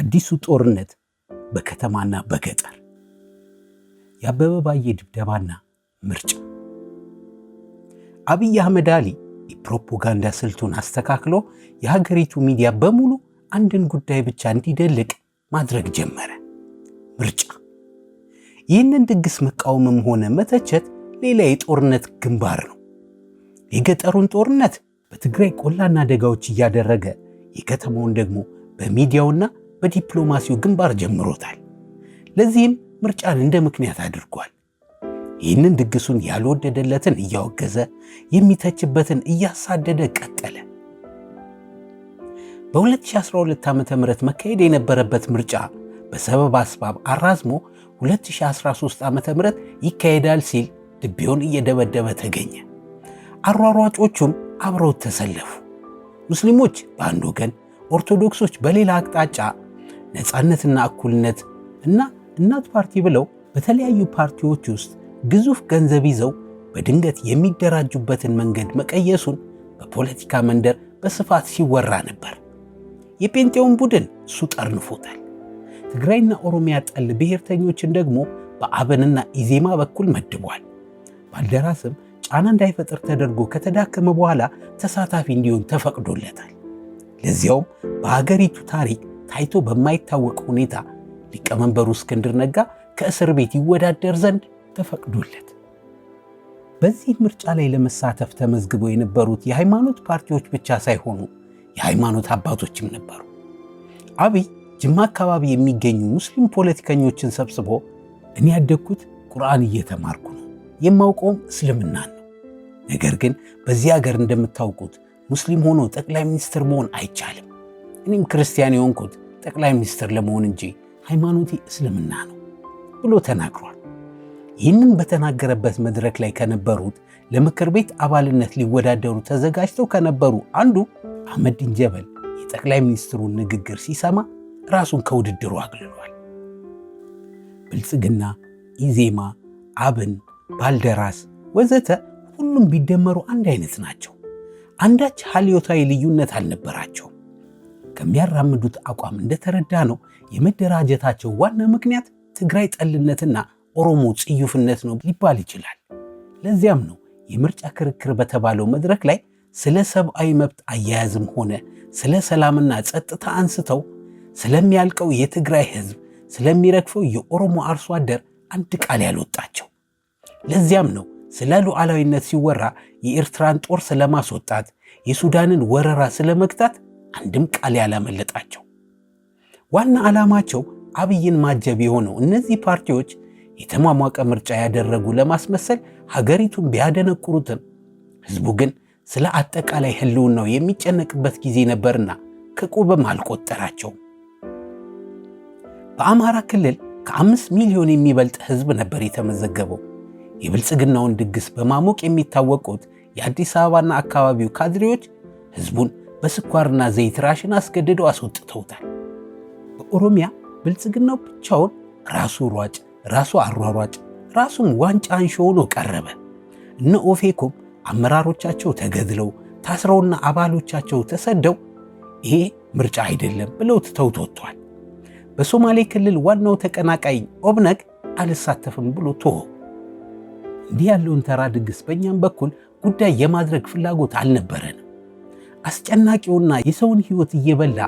አዲሱ ጦርነት በከተማና በገጠር የአበበ ባዬ ድብደባና ምርጫ። አብይ አህመድ አሊ የፕሮፓጋንዳ ስልቱን አስተካክሎ የሀገሪቱ ሚዲያ በሙሉ አንድን ጉዳይ ብቻ እንዲደልቅ ማድረግ ጀመረ፣ ምርጫ። ይህንን ድግስ መቃወምም ሆነ መተቸት ሌላ የጦርነት ግንባር ነው። የገጠሩን ጦርነት በትግራይ ቆላና ደጋዎች እያደረገ የከተማውን ደግሞ በሚዲያውና በዲፕሎማሲው ግንባር ጀምሮታል። ለዚህም ምርጫን እንደ ምክንያት አድርጓል። ይህንን ድግሱን ያልወደደለትን እያወገዘ የሚተችበትን እያሳደደ ቀጠለ። በ2012 ዓ ም መካሄድ የነበረበት ምርጫ በሰበብ አስባብ አራዝሞ 2013 ዓ ም ይካሄዳል ሲል ድቤውን እየደበደበ ተገኘ። አሯሯጮቹም አብረው ተሰለፉ። ሙስሊሞች በአንድ ወገን፣ ኦርቶዶክሶች በሌላ አቅጣጫ ነፃነትና እኩልነት እና እናት ፓርቲ ብለው በተለያዩ ፓርቲዎች ውስጥ ግዙፍ ገንዘብ ይዘው በድንገት የሚደራጁበትን መንገድ መቀየሱን በፖለቲካ መንደር በስፋት ሲወራ ነበር። የጴንጤውን ቡድን እሱ ጠርንፎታል። ትግራይና ኦሮሚያ ጠል ብሔርተኞችን ደግሞ በአብንና ኢዜማ በኩል መድቧል። ባልደራስም ጫና እንዳይፈጥር ተደርጎ ከተዳከመ በኋላ ተሳታፊ እንዲሆን ተፈቅዶለታል። ለዚያውም በሀገሪቱ ታሪክ ታይቶ በማይታወቅ ሁኔታ ሊቀመንበሩ እስክንድር ነጋ ከእስር ቤት ይወዳደር ዘንድ ተፈቅዶለት በዚህ ምርጫ ላይ ለመሳተፍ ተመዝግበው የነበሩት የሃይማኖት ፓርቲዎች ብቻ ሳይሆኑ የሃይማኖት አባቶችም ነበሩ። አብይ ጅማ አካባቢ የሚገኙ ሙስሊም ፖለቲከኞችን ሰብስቦ እኔ ያደግኩት ቁርአን እየተማርኩ ነው፣ የማውቀውም እስልምናን ነው። ነገር ግን በዚህ ሀገር እንደምታውቁት ሙስሊም ሆኖ ጠቅላይ ሚኒስትር መሆን አይቻልም። እኔም ክርስቲያን የሆንኩት ጠቅላይ ሚኒስትር ለመሆን እንጂ ሃይማኖቴ እስልምና ነው ብሎ ተናግሯል። ይህንን በተናገረበት መድረክ ላይ ከነበሩት ለምክር ቤት አባልነት ሊወዳደሩ ተዘጋጅተው ከነበሩ አንዱ አህመዲን ጀበል የጠቅላይ ሚኒስትሩን ንግግር ሲሰማ ራሱን ከውድድሩ አግልሏል። ብልጽግና፣ ኢዜማ፣ አብን፣ ባልደራስ ወዘተ ሁሉም ቢደመሩ አንድ አይነት ናቸው። አንዳች ሀልዮታዊ ልዩነት አልነበራቸውም። ከሚያራምዱት አቋም እንደተረዳ ነው የመደራጀታቸው ዋና ምክንያት ትግራይ ጠልነትና ኦሮሞ ጽዩፍነት ነው ሊባል ይችላል። ለዚያም ነው የምርጫ ክርክር በተባለው መድረክ ላይ ስለ ሰብአዊ መብት አያያዝም ሆነ ስለ ሰላምና ጸጥታ አንስተው ስለሚያልቀው የትግራይ ህዝብ ስለሚረግፈው የኦሮሞ አርሶ አደር አንድ ቃል ያልወጣቸው። ለዚያም ነው ስለ ሉዓላዊነት ሲወራ የኤርትራን ጦር ስለማስወጣት፣ የሱዳንን ወረራ ስለመግታት አንድም ቃል ያላመለጣቸው ዋና ዓላማቸው አብይን ማጀብ የሆነው እነዚህ ፓርቲዎች የተሟሟቀ ምርጫ ያደረጉ ለማስመሰል ሀገሪቱን ቢያደነቁሩትም ህዝቡ ግን ስለ አጠቃላይ ህልውናው የሚጨነቅበት ጊዜ ነበርና ከቁብም አልቆጠራቸውም። በአማራ ክልል ከአምስት ሚሊዮን የሚበልጥ ህዝብ ነበር የተመዘገበው። የብልጽግናውን ድግስ በማሞቅ የሚታወቁት የአዲስ አበባና አካባቢው ካድሬዎች ህዝቡን በስኳርና ዘይት ራሽን አስገድደው አስወጥተውታል። በኦሮሚያ ብልጽግናው ብቻውን ራሱ ሯጭ፣ ራሱ አሯሯጭ፣ ራሱን ዋንጫ አንሺ ሆኖ ቀረበ። እነ ኦፌኮም አመራሮቻቸው ተገድለው ታስረውና አባሎቻቸው ተሰደው ይሄ ምርጫ አይደለም ብለው ትተውት ወጥቷል። በሶማሌ ክልል ዋናው ተቀናቃይ ኦብነግ አልሳተፍም ብሎ ቶሆ እንዲህ ያለውን ተራ ድግስ በእኛም በኩል ጉዳይ የማድረግ ፍላጎት አልነበረንም። አስጨናቂውና የሰውን ሕይወት እየበላ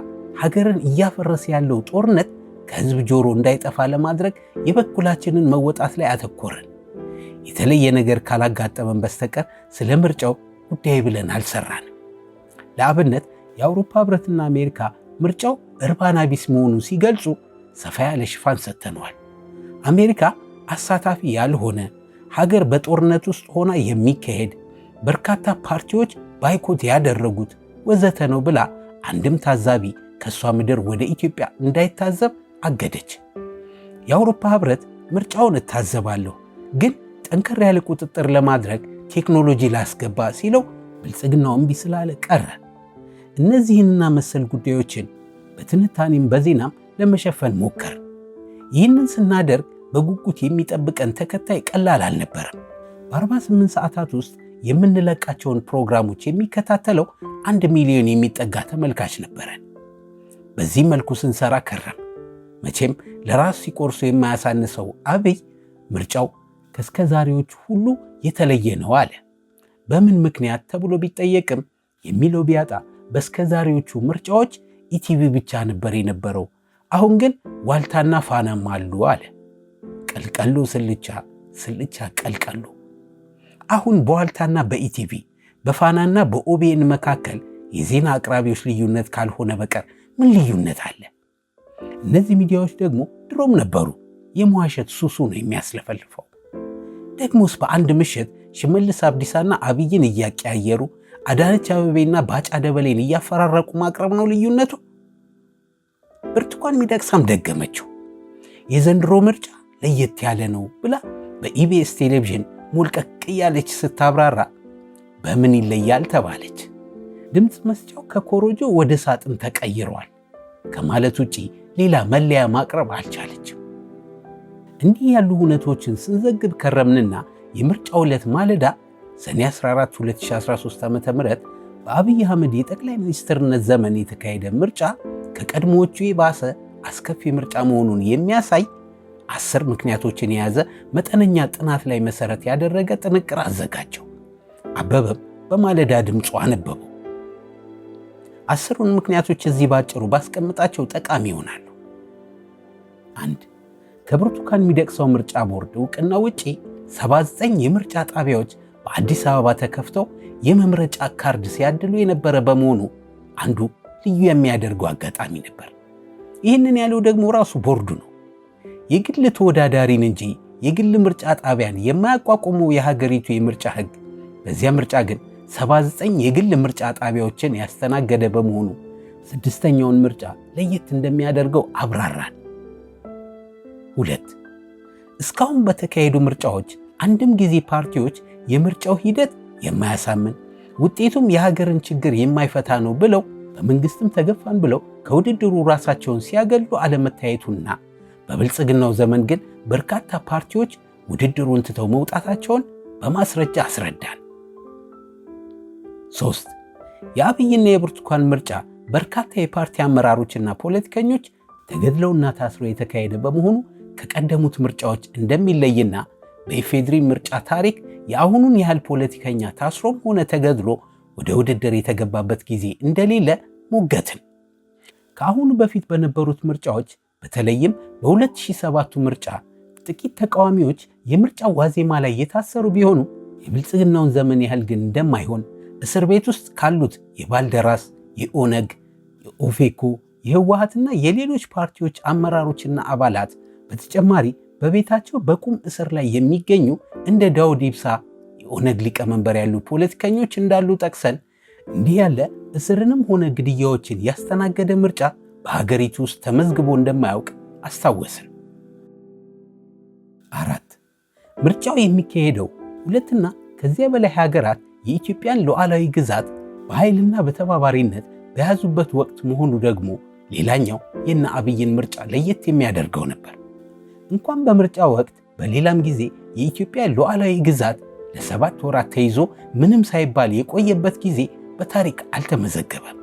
ሀገርን እያፈረሰ ያለው ጦርነት ከህዝብ ጆሮ እንዳይጠፋ ለማድረግ የበኩላችንን መወጣት ላይ አተኮርን። የተለየ ነገር ካላጋጠመን በስተቀር ስለ ምርጫው ጉዳይ ብለን አልሰራንም። ለአብነት የአውሮፓ ህብረትና አሜሪካ ምርጫው እርባና ቢስ መሆኑን ሲገልጹ ሰፋ ያለ ሽፋን ሰጥተነዋል። አሜሪካ አሳታፊ ያልሆነ ሀገር በጦርነት ውስጥ ሆና የሚካሄድ በርካታ ፓርቲዎች ባይኮት ያደረጉት ወዘተ ነው ብላ አንድም ታዛቢ ከእሷ ምድር ወደ ኢትዮጵያ እንዳይታዘብ አገደች። የአውሮፓ ህብረት ምርጫውን እታዘባለሁ፣ ግን ጠንከር ያለ ቁጥጥር ለማድረግ ቴክኖሎጂ ላስገባ ሲለው ብልጽግናው እምቢ ስላለ ቀረ። እነዚህንና መሰል ጉዳዮችን በትንታኔም በዜናም ለመሸፈን ሞከር። ይህንን ስናደርግ በጉጉት የሚጠብቀን ተከታይ ቀላል አልነበረም። በ48 ሰዓታት ውስጥ የምንለቃቸውን ፕሮግራሞች የሚከታተለው አንድ ሚሊዮን የሚጠጋ ተመልካች ነበረን። በዚህ መልኩ ስንሰራ ከረም። መቼም ለራሱ ሲቆርሱ የማያሳንሰው አብይ ምርጫው ከእስከ ዛሬዎች ሁሉ የተለየ ነው አለ። በምን ምክንያት ተብሎ ቢጠየቅም የሚለው ቢያጣ በእስከ ዛሬዎቹ ምርጫዎች ኢቲቪ ብቻ ነበር የነበረው። አሁን ግን ዋልታና ፋናም አሉ አለ። ቀልቀሎ ስልቻ፣ ስልቻ ቀልቀሎ። አሁን በዋልታና በኢቲቪ በፋናና በኦቤን መካከል የዜና አቅራቢዎች ልዩነት ካልሆነ በቀር ምን ልዩነት አለ? እነዚህ ሚዲያዎች ደግሞ ድሮም ነበሩ። የመዋሸት ሱሱ ነው የሚያስለፈልፈው። ደግሞስ በአንድ ምሽት ሽመልስ አብዲሳና አብይን እያቀያየሩ አዳነች አበቤና ባጫ ደበሌን እያፈራረቁ ማቅረብ ነው ልዩነቱ። ብርቱካን ሚደቅሳም ደገመችው። የዘንድሮ ምርጫ ለየት ያለ ነው ብላ በኢቢኤስ ቴሌቪዥን ሞልቀቅ እያለች ስታብራራ በምን ይለያል ተባለች። ድምፅ መስጫው ከኮሮጆ ወደ ሳጥን ተቀይሯል ከማለት ውጪ ሌላ መለያ ማቅረብ አልቻለችም። እንዲህ ያሉ እውነቶችን ስንዘግብ ከረምንና የምርጫው ዕለት ማለዳ ሰኔ 14 2013 ዓ ም በአብይ አህመድ የጠቅላይ ሚኒስትርነት ዘመን የተካሄደ ምርጫ ከቀድሞዎቹ የባሰ አስከፊ ምርጫ መሆኑን የሚያሳይ አስር ምክንያቶችን የያዘ መጠነኛ ጥናት ላይ መሰረት ያደረገ ጥንቅር አዘጋጀው። አበበም በማለዳ ድምፁ አነበበው። አስሩን ምክንያቶች እዚህ ባጭሩ ባስቀምጣቸው ጠቃሚ ይሆናሉ። አንድ ከብርቱካን የሚደቅሰው ምርጫ ቦርድ እውቅና ውጪ 79 የምርጫ ጣቢያዎች በአዲስ አበባ ተከፍተው የመምረጫ ካርድ ሲያድሉ የነበረ በመሆኑ አንዱ ልዩ የሚያደርገው አጋጣሚ ነበር። ይህንን ያለው ደግሞ ራሱ ቦርዱ ነው። የግል ተወዳዳሪን እንጂ የግል ምርጫ ጣቢያን የማያቋቁመው የሀገሪቱ የምርጫ ሕግ በዚያ ምርጫ ግን 79 የግል ምርጫ ጣቢያዎችን ያስተናገደ በመሆኑ ስድስተኛውን ምርጫ ለየት እንደሚያደርገው አብራራል። ሁለት እስካሁን በተካሄዱ ምርጫዎች አንድም ጊዜ ፓርቲዎች የምርጫው ሂደት የማያሳምን ውጤቱም የሀገርን ችግር የማይፈታ ነው ብለው በመንግስትም ተገፋን ብለው ከውድድሩ ራሳቸውን ሲያገሉ አለመታየቱና በብልጽግናው ዘመን ግን በርካታ ፓርቲዎች ውድድሩን ትተው መውጣታቸውን በማስረጃ አስረዳል። ሶስት የአብይና የብርቱካን ምርጫ በርካታ የፓርቲ አመራሮችና ፖለቲከኞች ተገድለውና ታስረው የተካሄደ በመሆኑ ከቀደሙት ምርጫዎች እንደሚለይና በኢፌድሪ ምርጫ ታሪክ የአሁኑን ያህል ፖለቲከኛ ታስሮም ሆነ ተገድሎ ወደ ውድድር የተገባበት ጊዜ እንደሌለ ሞገትን። ከአሁኑ በፊት በነበሩት ምርጫዎች በተለይም በ2007ቱ ምርጫ ጥቂት ተቃዋሚዎች የምርጫ ዋዜማ ላይ የታሰሩ ቢሆኑ የብልጽግናውን ዘመን ያህል ግን እንደማይሆን እስር ቤት ውስጥ ካሉት የባልደራስ፣ የኦነግ፣ የኦፌኮ፣ የህወሀትና የሌሎች ፓርቲዎች አመራሮችና አባላት በተጨማሪ በቤታቸው በቁም እስር ላይ የሚገኙ እንደ ዳውድ ኢብሳ የኦነግ ሊቀመንበር ያሉ ፖለቲከኞች እንዳሉ ጠቅሰን እንዲህ ያለ እስርንም ሆነ ግድያዎችን ያስተናገደ ምርጫ በሀገሪቱ ውስጥ ተመዝግቦ እንደማያውቅ አስታወስን። አራት ምርጫው የሚካሄደው ሁለትና ከዚያ በላይ ሀገራት የኢትዮጵያን ሉዓላዊ ግዛት በኃይልና በተባባሪነት በያዙበት ወቅት መሆኑ ደግሞ ሌላኛው የነ አብይን ምርጫ ለየት የሚያደርገው ነበር። እንኳን በምርጫ ወቅት በሌላም ጊዜ የኢትዮጵያ ሉዓላዊ ግዛት ለሰባት ወራት ተይዞ ምንም ሳይባል የቆየበት ጊዜ በታሪክ አልተመዘገበም።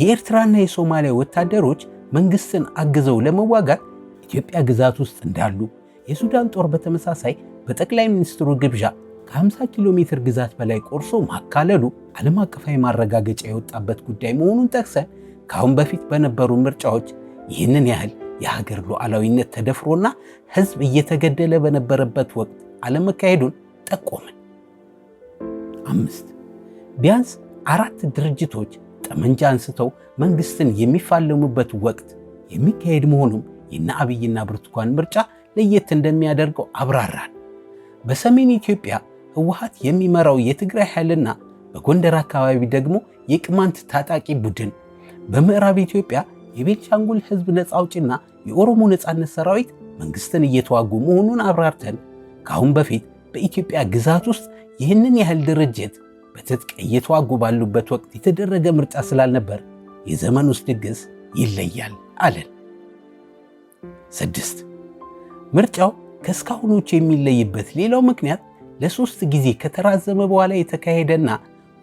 የኤርትራና የሶማሊያ ወታደሮች መንግስትን አግዘው ለመዋጋት ኢትዮጵያ ግዛት ውስጥ እንዳሉ፣ የሱዳን ጦር በተመሳሳይ በጠቅላይ ሚኒስትሩ ግብዣ ከ50 ኪሎ ሜትር ግዛት በላይ ቆርሶ ማካለሉ ዓለም አቀፋዊ ማረጋገጫ የወጣበት ጉዳይ መሆኑን ጠቅሰን ከአሁን በፊት በነበሩ ምርጫዎች ይህንን ያህል የሀገር ሉዓላዊነት ተደፍሮና ሕዝብ እየተገደለ በነበረበት ወቅት አለመካሄዱን ጠቆምን። አምስት ቢያንስ አራት ድርጅቶች ጠመንጃ አንስተው መንግስትን የሚፋለሙበት ወቅት የሚካሄድ መሆኑም የነ አብይና ብርቱካን ምርጫ ለየት እንደሚያደርገው አብራራል። በሰሜን ኢትዮጵያ ህወሓት የሚመራው የትግራይ ኃይልና በጎንደር አካባቢ ደግሞ የቅማንት ታጣቂ ቡድን በምዕራብ ኢትዮጵያ የቤንሻንጉል ህዝብ ነፃ የኦሮሞ ነፃነት ሰራዊት መንግስትን እየተዋጉ መሆኑን አብራርተን ከአሁን በፊት በኢትዮጵያ ግዛት ውስጥ ይህንን ያህል ድርጅት በትጥቅ እየተዋጉ ባሉበት ወቅት የተደረገ ምርጫ ስላልነበር የዘመን ውስጥ ድግስ ይለያል አለን። ስድስት ምርጫው ከእስካሁኖቹ የሚለይበት ሌላው ምክንያት ለሶስት ጊዜ ከተራዘመ በኋላ የተካሄደና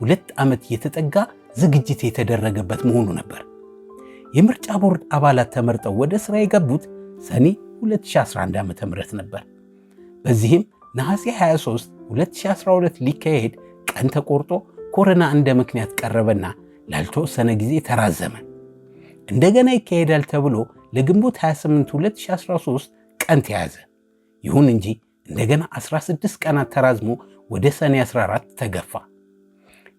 ሁለት ዓመት የተጠጋ ዝግጅት የተደረገበት መሆኑ ነበር። የምርጫ ቦርድ አባላት ተመርጠው ወደ ሥራ የገቡት ሰኔ 2011 ዓ ም ነበር። በዚህም ነሐሴ 23 2012 ሊካሄድ ቀን ተቆርጦ ኮረና እንደ ምክንያት ቀረበና ላልተወሰነ ጊዜ ተራዘመ። እንደገና ይካሄዳል ተብሎ ለግንቦት 28 2013 ቀን ተያዘ። ይሁን እንጂ እንደገና 16 ቀናት ተራዝሞ ወደ ሰኔ 14 ተገፋ።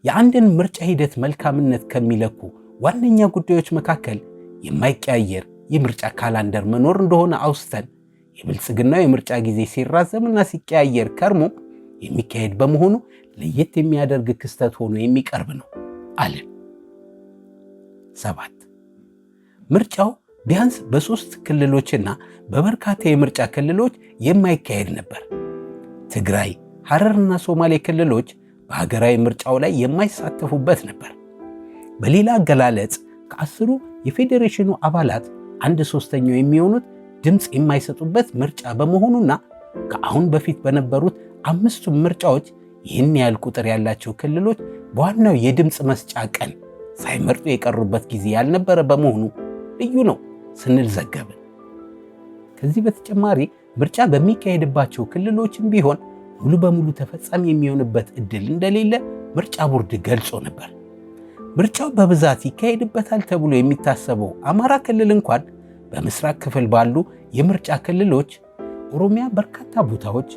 የአንድን ምርጫ ሂደት መልካምነት ከሚለኩ ዋነኛ ጉዳዮች መካከል የማይቀያየር የምርጫ ካላንደር መኖር እንደሆነ አውስተን የብልጽግናው የምርጫ ጊዜ ሲራዘምና ሲቀያየር ከርሞ የሚካሄድ በመሆኑ ለየት የሚያደርግ ክስተት ሆኖ የሚቀርብ ነው አለን። ሰባት ምርጫው ቢያንስ በሦስት ክልሎችና በበርካታ የምርጫ ክልሎች የማይካሄድ ነበር። ትግራይ፣ ሐረርና ሶማሌ ክልሎች በሀገራዊ ምርጫው ላይ የማይሳተፉበት ነበር። በሌላ አገላለጽ ከአስሩ የፌዴሬሽኑ አባላት አንድ ሶስተኛው የሚሆኑት ድምፅ የማይሰጡበት ምርጫ በመሆኑና ከአሁን በፊት በነበሩት አምስቱም ምርጫዎች ይህን ያህል ቁጥር ያላቸው ክልሎች በዋናው የድምፅ መስጫ ቀን ሳይመርጡ የቀሩበት ጊዜ ያልነበረ በመሆኑ ልዩ ነው። ስንል ዘገብን። ከዚህ በተጨማሪ ምርጫ በሚካሄድባቸው ክልሎችም ቢሆን ሙሉ በሙሉ ተፈጻሚ የሚሆንበት እድል እንደሌለ ምርጫ ቦርድ ገልጾ ነበር። ምርጫው በብዛት ይካሄድበታል ተብሎ የሚታሰበው አማራ ክልል እንኳን በምስራቅ ክፍል ባሉ የምርጫ ክልሎች፣ ኦሮሚያ በርካታ ቦታዎች፣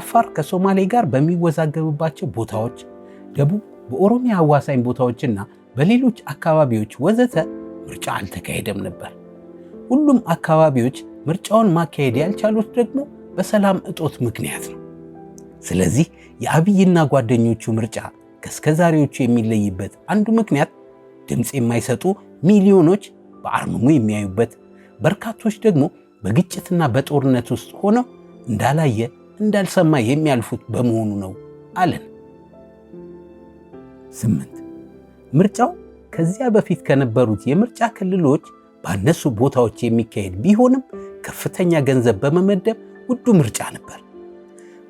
አፋር ከሶማሌ ጋር በሚወዛገብባቸው ቦታዎች፣ ደቡብ በኦሮሚያ አዋሳኝ ቦታዎችና በሌሎች አካባቢዎች ወዘተ ምርጫ አልተካሄደም ነበር። ሁሉም አካባቢዎች ምርጫውን ማካሄድ ያልቻሉት ደግሞ በሰላም እጦት ምክንያት ነው። ስለዚህ የአብይና ጓደኞቹ ምርጫ ከእስከዛሬዎቹ የሚለይበት አንዱ ምክንያት ድምፅ የማይሰጡ ሚሊዮኖች በአርምሙ የሚያዩበት፣ በርካቶች ደግሞ በግጭትና በጦርነት ውስጥ ሆነው እንዳላየ እንዳልሰማ የሚያልፉት በመሆኑ ነው አለን። ስምንት ምርጫው ከዚያ በፊት ከነበሩት የምርጫ ክልሎች ባነሱ ቦታዎች የሚካሄድ ቢሆንም ከፍተኛ ገንዘብ በመመደብ ውዱ ምርጫ ነበር።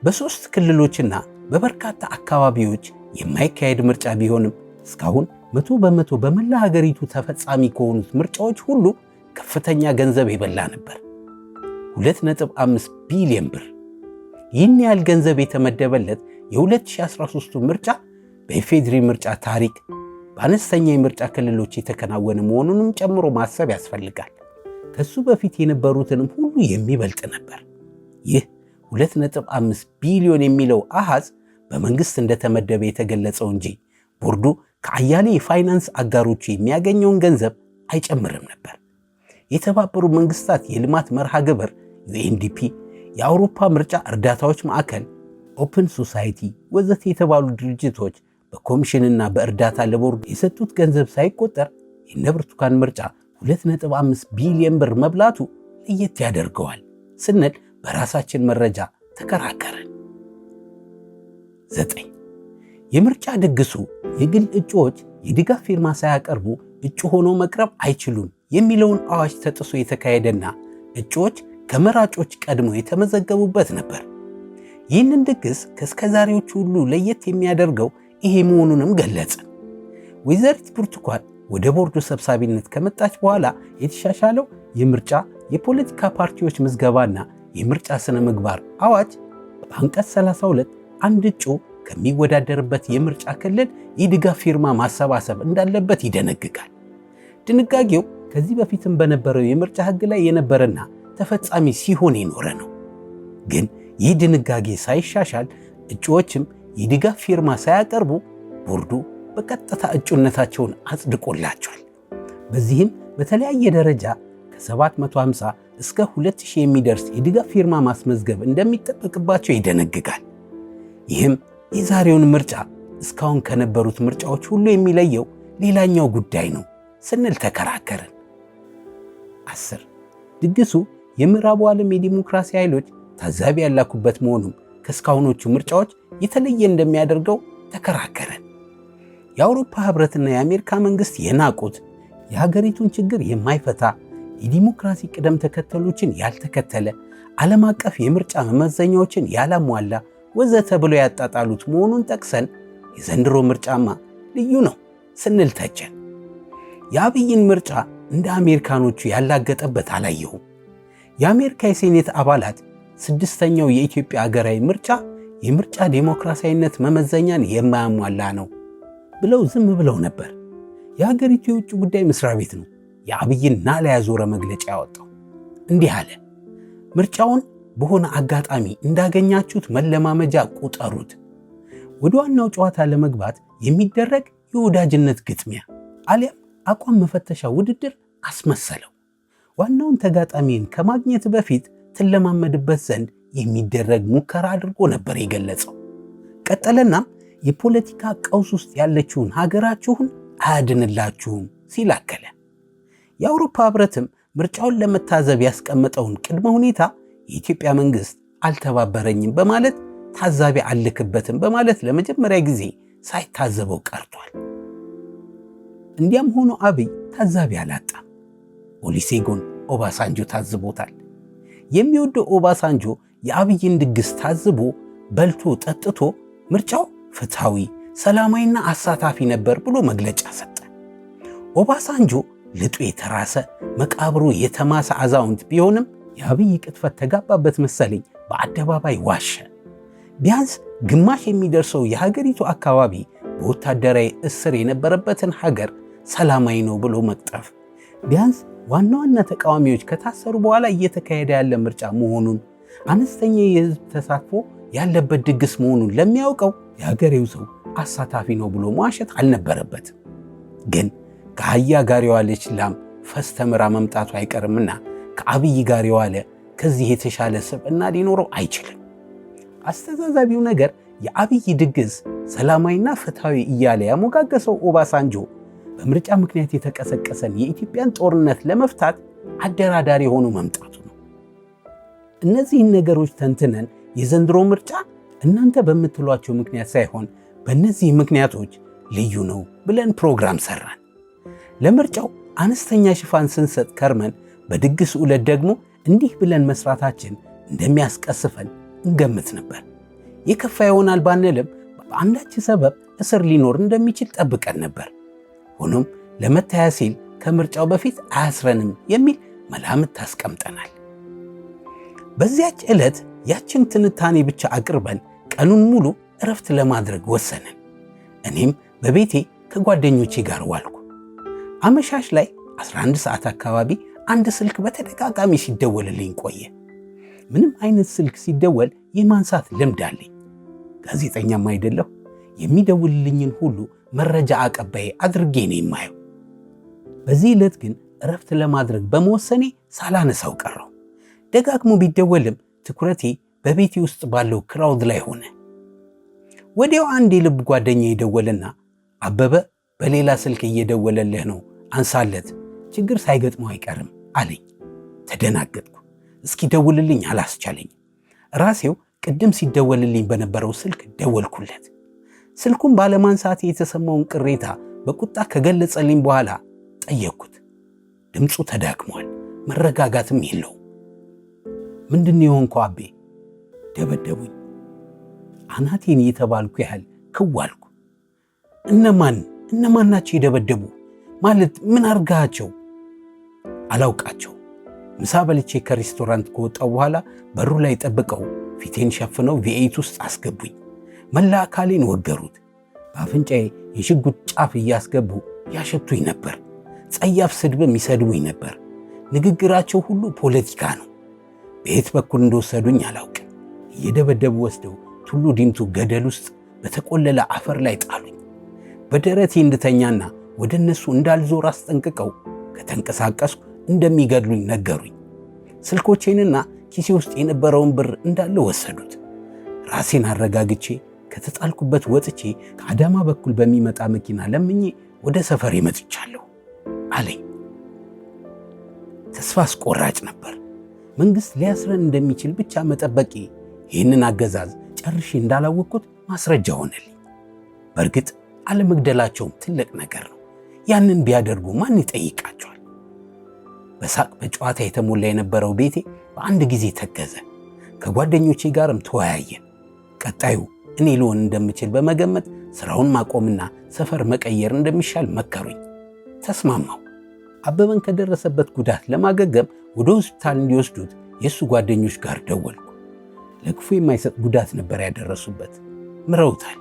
በሶስት ክልሎችና በበርካታ አካባቢዎች የማይካሄድ ምርጫ ቢሆንም እስካሁን መቶ በመቶ በመላ ሀገሪቱ ተፈጻሚ ከሆኑት ምርጫዎች ሁሉ ከፍተኛ ገንዘብ የበላ ነበር፣ 2.5 ቢሊዮን ብር። ይህን ያህል ገንዘብ የተመደበለት የ2013ቱ ምርጫ በኢፌድሪ ምርጫ ታሪክ በአነስተኛ የምርጫ ክልሎች የተከናወነ መሆኑንም ጨምሮ ማሰብ ያስፈልጋል። ከሱ በፊት የነበሩትንም ሁሉ የሚበልጥ ነበር። ይህ 2.5 ቢሊዮን የሚለው አሃዝ በመንግስት እንደተመደበ የተገለጸው እንጂ ቦርዱ ከአያሌ የፋይናንስ አጋሮቹ የሚያገኘውን ገንዘብ አይጨምርም ነበር። የተባበሩ መንግስታት የልማት መርሃ ግብር ዩኤንዲፒ፣ የአውሮፓ ምርጫ እርዳታዎች ማዕከል፣ ኦፕን ሶሳይቲ ወዘት የተባሉ ድርጅቶች በኮሚሽንና በእርዳታ ለቦርዱ የሰጡት ገንዘብ ሳይቆጠር የእነ ብርቱካን ምርጫ 2.5 ቢሊዮን ብር መብላቱ ለየት ያደርገዋል ስንል በራሳችን መረጃ ተከራከርን። ዘጠኝ የምርጫ ድግሱ የግል እጩዎች የድጋፍ ፊርማ ሳያቀርቡ እጩ ሆኖ መቅረብ አይችሉም የሚለውን አዋጅ ተጥሶ የተካሄደና እጩዎች ከመራጮች ቀድሞ የተመዘገቡበት ነበር። ይህንን ድግስ ከእስከዛሬዎቹ ሁሉ ለየት የሚያደርገው ይሄ መሆኑንም ገለጸ። ወይዘሪት ብርቱካን ወደ ቦርዱ ሰብሳቢነት ከመጣች በኋላ የተሻሻለው የምርጫ የፖለቲካ ፓርቲዎች ምዝገባና የምርጫ ስነ ምግባር አዋጅ በአንቀጽ 32 አንድ እጩ ከሚወዳደርበት የምርጫ ክልል የድጋፍ ፊርማ ማሰባሰብ እንዳለበት ይደነግጋል። ድንጋጌው ከዚህ በፊትም በነበረው የምርጫ ሕግ ላይ የነበረና ተፈጻሚ ሲሆን የኖረ ነው። ግን ይህ ድንጋጌ ሳይሻሻል እጩዎችም የድጋፍ ፊርማ ሳያቀርቡ ቦርዱ በቀጥታ እጩነታቸውን አጽድቆላቸዋል። በዚህም በተለያየ ደረጃ ከ750 እስከ 2000 የሚደርስ የድጋፍ ፊርማ ማስመዝገብ እንደሚጠበቅባቸው ይደነግጋል። ይህም የዛሬውን ምርጫ እስካሁን ከነበሩት ምርጫዎች ሁሉ የሚለየው ሌላኛው ጉዳይ ነው ስንል ተከራከርን። አስር ድግሱ የምዕራቡ ዓለም የዲሞክራሲ ኃይሎች ታዛቢ ያላኩበት መሆኑም ከእስካሁኖቹ ምርጫዎች የተለየ እንደሚያደርገው ተከራከረን። የአውሮፓ ህብረትና የአሜሪካ መንግስት የናቁት የሀገሪቱን ችግር የማይፈታ የዲሞክራሲ ቅደም ተከተሎችን ያልተከተለ ዓለም አቀፍ የምርጫ መመዘኛዎችን ያላሟላ ወዘተ ብሎ ያጣጣሉት መሆኑን ጠቅሰን የዘንድሮ ምርጫማ ልዩ ነው ስንል ተቸን። የአብይን ምርጫ እንደ አሜሪካኖቹ ያላገጠበት አላየሁም። የአሜሪካ የሴኔት አባላት ስድስተኛው የኢትዮጵያ ሀገራዊ ምርጫ የምርጫ ዴሞክራሲያዊነት መመዘኛን የማያሟላ ነው ብለው ዝም ብለው ነበር። የሀገሪቱ የውጭ ጉዳይ መስሪያ ቤት ነው የአብይን ናላ ያዞረ መግለጫ ያወጣው። እንዲህ አለ። ምርጫውን በሆነ አጋጣሚ እንዳገኛችሁት መለማመጃ ቁጠሩት። ወደ ዋናው ጨዋታ ለመግባት የሚደረግ የወዳጅነት ግጥሚያ አሊያም አቋም መፈተሻ ውድድር አስመሰለው። ዋናውን ተጋጣሚን ከማግኘት በፊት ትለማመድበት ዘንድ የሚደረግ ሙከራ አድርጎ ነበር የገለጸው። ቀጠለናም የፖለቲካ ቀውስ ውስጥ ያለችውን ሀገራችሁን አያድንላችሁም ሲል አከለ። የአውሮፓ ህብረትም ምርጫውን ለመታዘብ ያስቀመጠውን ቅድመ ሁኔታ የኢትዮጵያ መንግስት አልተባበረኝም በማለት ታዛቢ አልክበትም በማለት ለመጀመሪያ ጊዜ ሳይታዘበው ቀርቷል። እንዲያም ሆኖ አብይ ታዛቢ አላጣም። ኦሊሴጎን ኦባሳንጆ ታዝቦታል። የሚወደው ኦባሳንጆ የአብይን ድግስ ታዝቦ በልቶ ጠጥቶ ምርጫው ፍትሐዊ፣ ሰላማዊና አሳታፊ ነበር ብሎ መግለጫ ሰጠ። ኦባሳንጆ ልጡ የተራሰ መቃብሩ የተማሰ አዛውንት ቢሆንም የአብይ ቅጥፈት ተጋባበት መሰለኝ በአደባባይ ዋሸ። ቢያንስ ግማሽ የሚደርሰው የሀገሪቱ አካባቢ በወታደራዊ እስር የነበረበትን ሀገር ሰላማዊ ነው ብሎ መቅጠፍ ቢያንስ ዋና ዋና ተቃዋሚዎች ከታሰሩ በኋላ እየተካሄደ ያለ ምርጫ መሆኑን አነስተኛ የህዝብ ተሳትፎ ያለበት ድግስ መሆኑን ለሚያውቀው የሀገሬው ሰው አሳታፊ ነው ብሎ መዋሸት አልነበረበትም። ግን ከአህያ ጋር የዋለች ላም ፈስተምራ መምጣቱ አይቀርምና ከአብይ ጋር የዋለ ከዚህ የተሻለ ስብዕና ሊኖረው አይችልም። አስተዛዛቢው ነገር የአብይ ድግስ ሰላማዊና ፍትሐዊ እያለ ያሞጋገሰው ኦባሳንጆ በምርጫ ምክንያት የተቀሰቀሰን የኢትዮጵያን ጦርነት ለመፍታት አደራዳሪ ሆኖ መምጣቱ እነዚህን ነገሮች ተንትነን የዘንድሮ ምርጫ እናንተ በምትሏቸው ምክንያት ሳይሆን በእነዚህ ምክንያቶች ልዩ ነው ብለን ፕሮግራም ሰራን። ለምርጫው አነስተኛ ሽፋን ስንሰጥ ከርመን በድግስ ዕለት ደግሞ እንዲህ ብለን መስራታችን እንደሚያስቀስፈን እንገምት ነበር። የከፋ ይሆናል ባንልም በአንዳች ሰበብ እስር ሊኖር እንደሚችል ጠብቀን ነበር። ሆኖም ለመታያ ሲል ከምርጫው በፊት አያስረንም የሚል መላምት ታስቀምጠናል። በዚያች ዕለት ያችን ትንታኔ ብቻ አቅርበን ቀኑን ሙሉ እረፍት ለማድረግ ወሰንን። እኔም በቤቴ ከጓደኞቼ ጋር ዋልኩ። አመሻሽ ላይ 11 ሰዓት አካባቢ አንድ ስልክ በተደጋጋሚ ሲደወልልኝ ቆየ። ምንም አይነት ስልክ ሲደወል የማንሳት ልምድ አለኝ። ጋዜጠኛም አይደለሁ። የሚደውልልኝን ሁሉ መረጃ አቀባይ አድርጌ ነው የማየው። በዚህ ዕለት ግን እረፍት ለማድረግ በመወሰኔ ሳላነሳው ቀረው። ደጋግሞ ቢደወልም ትኩረቴ በቤቴ ውስጥ ባለው ክራውድ ላይ ሆነ። ወዲያው አንድ የልብ ጓደኛ የደወለና አበበ በሌላ ስልክ እየደወለልህ ነው አንሳለት፣ ችግር ሳይገጥመው አይቀርም አለኝ። ተደናገጥኩ። እስኪ ደውልልኝ አላስቻለኝም። ራሴው ቅድም ሲደወልልኝ በነበረው ስልክ ደወልኩለት። ስልኩን ባለማንሳት የተሰማውን ቅሬታ በቁጣ ከገለጸልኝ በኋላ ጠየቅኩት። ድምፁ ተዳክሟል፣ መረጋጋትም የለውም። ምንድን የሆንኩ አቤ? ደበደቡኝ። አናቴን እየተባልኩ ያህል ክዋልኩ። እነማን እነማን ናቸው የደበደቡ? ማለት ምን አድርጋቸው አላውቃቸው። ምሳ በልቼ ከሬስቶራንት ከወጣው በኋላ በሩ ላይ ጠብቀው ፊቴን ሸፍነው ቪኤት ውስጥ አስገቡኝ። መላ አካሌን ወገሩት። በአፍንጫዬ የሽጉጥ ጫፍ እያስገቡ ያሸቱኝ ነበር። ጸያፍ ስድብም ይሰድቡኝ ነበር። ንግግራቸው ሁሉ ፖለቲካ ነው። በየት በኩል እንደወሰዱኝ አላውቅም። እየደበደቡ ወስደው ቱሉ ዲምቱ ገደል ውስጥ በተቆለለ አፈር ላይ ጣሉኝ። በደረቴ እንድተኛና ወደ እነሱ እንዳልዞር አስጠንቅቀው ከተንቀሳቀስኩ እንደሚገድሉኝ ነገሩኝ። ስልኮቼንና ኪሴ ውስጥ የነበረውን ብር እንዳለ ወሰዱት። ራሴን አረጋግቼ ከተጣልኩበት ወጥቼ ከአዳማ በኩል በሚመጣ መኪና ለምኜ ወደ ሰፈር መጥቻለሁ አለኝ። ተስፋ አስቆራጭ ነበር። መንግስት ሊያስረን እንደሚችል ብቻ መጠበቂ ይህንን አገዛዝ ጨርሼ እንዳላወቅኩት ማስረጃ ሆነልኝ። በእርግጥ አለመግደላቸውም ትልቅ ነገር ነው። ያንን ቢያደርጉ ማን ይጠይቃቸዋል? በሳቅ በጨዋታ የተሞላ የነበረው ቤቴ በአንድ ጊዜ ተገዘ። ከጓደኞቼ ጋርም ተወያየን። ቀጣዩ እኔ ልሆን እንደምችል በመገመት ስራውን ማቆምና ሰፈር መቀየር እንደሚሻል መከሩኝ። ተስማማው። አበበን ከደረሰበት ጉዳት ለማገገም ወደ ሆስፒታል እንዲወስዱት የእሱ ጓደኞች ጋር ደወልኩ። ለክፉ የማይሰጥ ጉዳት ነበር ያደረሱበት። ምረውታል፣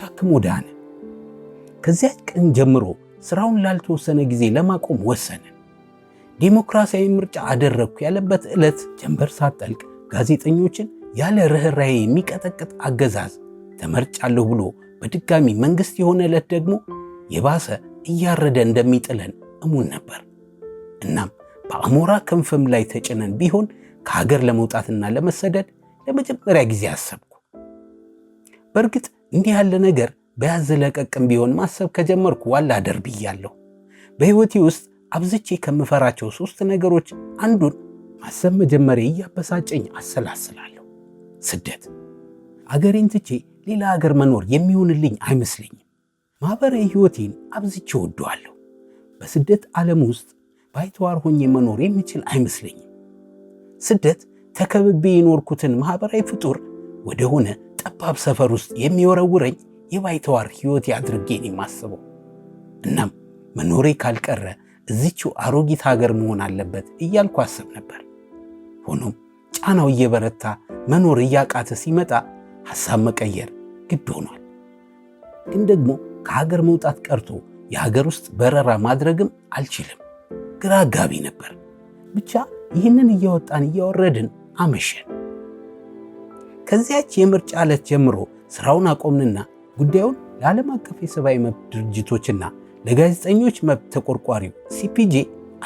ታክሞ ዳነ። ከዚያች ቀን ጀምሮ ስራውን ላልተወሰነ ጊዜ ለማቆም ወሰነ። ዴሞክራሲያዊ ምርጫ አደረግኩ ያለበት ዕለት ጀንበር ሳጠልቅ ጋዜጠኞችን ያለ ርኅራዬ የሚቀጠቅጥ አገዛዝ ተመርጫለሁ ብሎ በድጋሚ መንግሥት የሆነ ዕለት ደግሞ የባሰ እያረደ እንደሚጥለን እሙን ነበር። እናም በአሞራ ክንፍም ላይ ተጭነን ቢሆን ከሀገር ለመውጣትና ለመሰደድ ለመጀመሪያ ጊዜ አሰብኩ። በእርግጥ እንዲህ ያለ ነገር በያዘለቀቅም ቢሆን ማሰብ ከጀመርኩ ዋላ አደር ብያለሁ። በሕይወቴ ውስጥ አብዝቼ ከምፈራቸው ሶስት ነገሮች አንዱን ማሰብ መጀመሪያ እያበሳጨኝ አሰላስላለሁ። ስደት፣ አገሬን ትቼ ሌላ አገር መኖር የሚሆንልኝ አይመስለኝም። ማኅበራዊ ሕይወቴን አብዝቼ ወደዋለሁ። በስደት ዓለም ውስጥ ባይተዋር ሆኜ መኖር የሚችል አይመስለኝም። ስደት ተከብቤ የኖርኩትን ማኅበራዊ ፍጡር ወደሆነ ጠባብ ሰፈር ውስጥ የሚወረውረኝ የባይተዋር ሕይወት አድርጌን የማስበው። እናም መኖሬ ካልቀረ እዚችው አሮጊት ሀገር መሆን አለበት እያልኩ አሰብ ነበር። ሆኖም ጫናው እየበረታ መኖር እያቃተ ሲመጣ ሐሳብ መቀየር ግድ ሆኗል። ግን ደግሞ ከሀገር መውጣት ቀርቶ የሀገር ውስጥ በረራ ማድረግም አልችልም። ግራ አጋቢ ነበር። ብቻ ይህንን እየወጣን እያወረድን አመሸን። ከዚያች የምርጫ ዕለት ጀምሮ ስራውን አቆምንና ጉዳዩን ለዓለም አቀፍ የሰብአዊ መብት ድርጅቶችና ለጋዜጠኞች መብት ተቆርቋሪው ሲፒጄ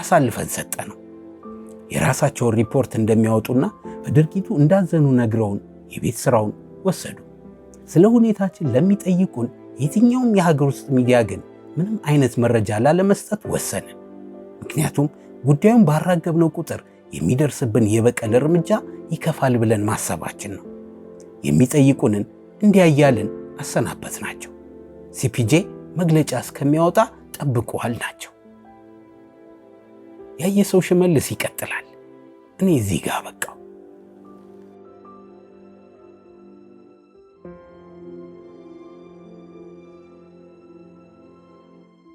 አሳልፈን ሰጠ ነው። የራሳቸውን ሪፖርት እንደሚያወጡና በድርጊቱ እንዳዘኑ ነግረውን የቤት ስራውን ወሰዱ። ስለ ሁኔታችን ለሚጠይቁን የትኛውም የሀገር ውስጥ ሚዲያ ግን ምንም አይነት መረጃ ላለመስጠት ወሰንን። ምክንያቱም ጉዳዩን ባራገብነው ቁጥር የሚደርስብን የበቀል እርምጃ ይከፋል ብለን ማሰባችን ነው። የሚጠይቁንን እንዲያያልን አሰናበት ናቸው። ሲፒጄ መግለጫ እስከሚያወጣ ጠብቋል ናቸው። ያየሰው ሽመልስ ይቀጥላል። እኔ እዚህ ጋር በቃው።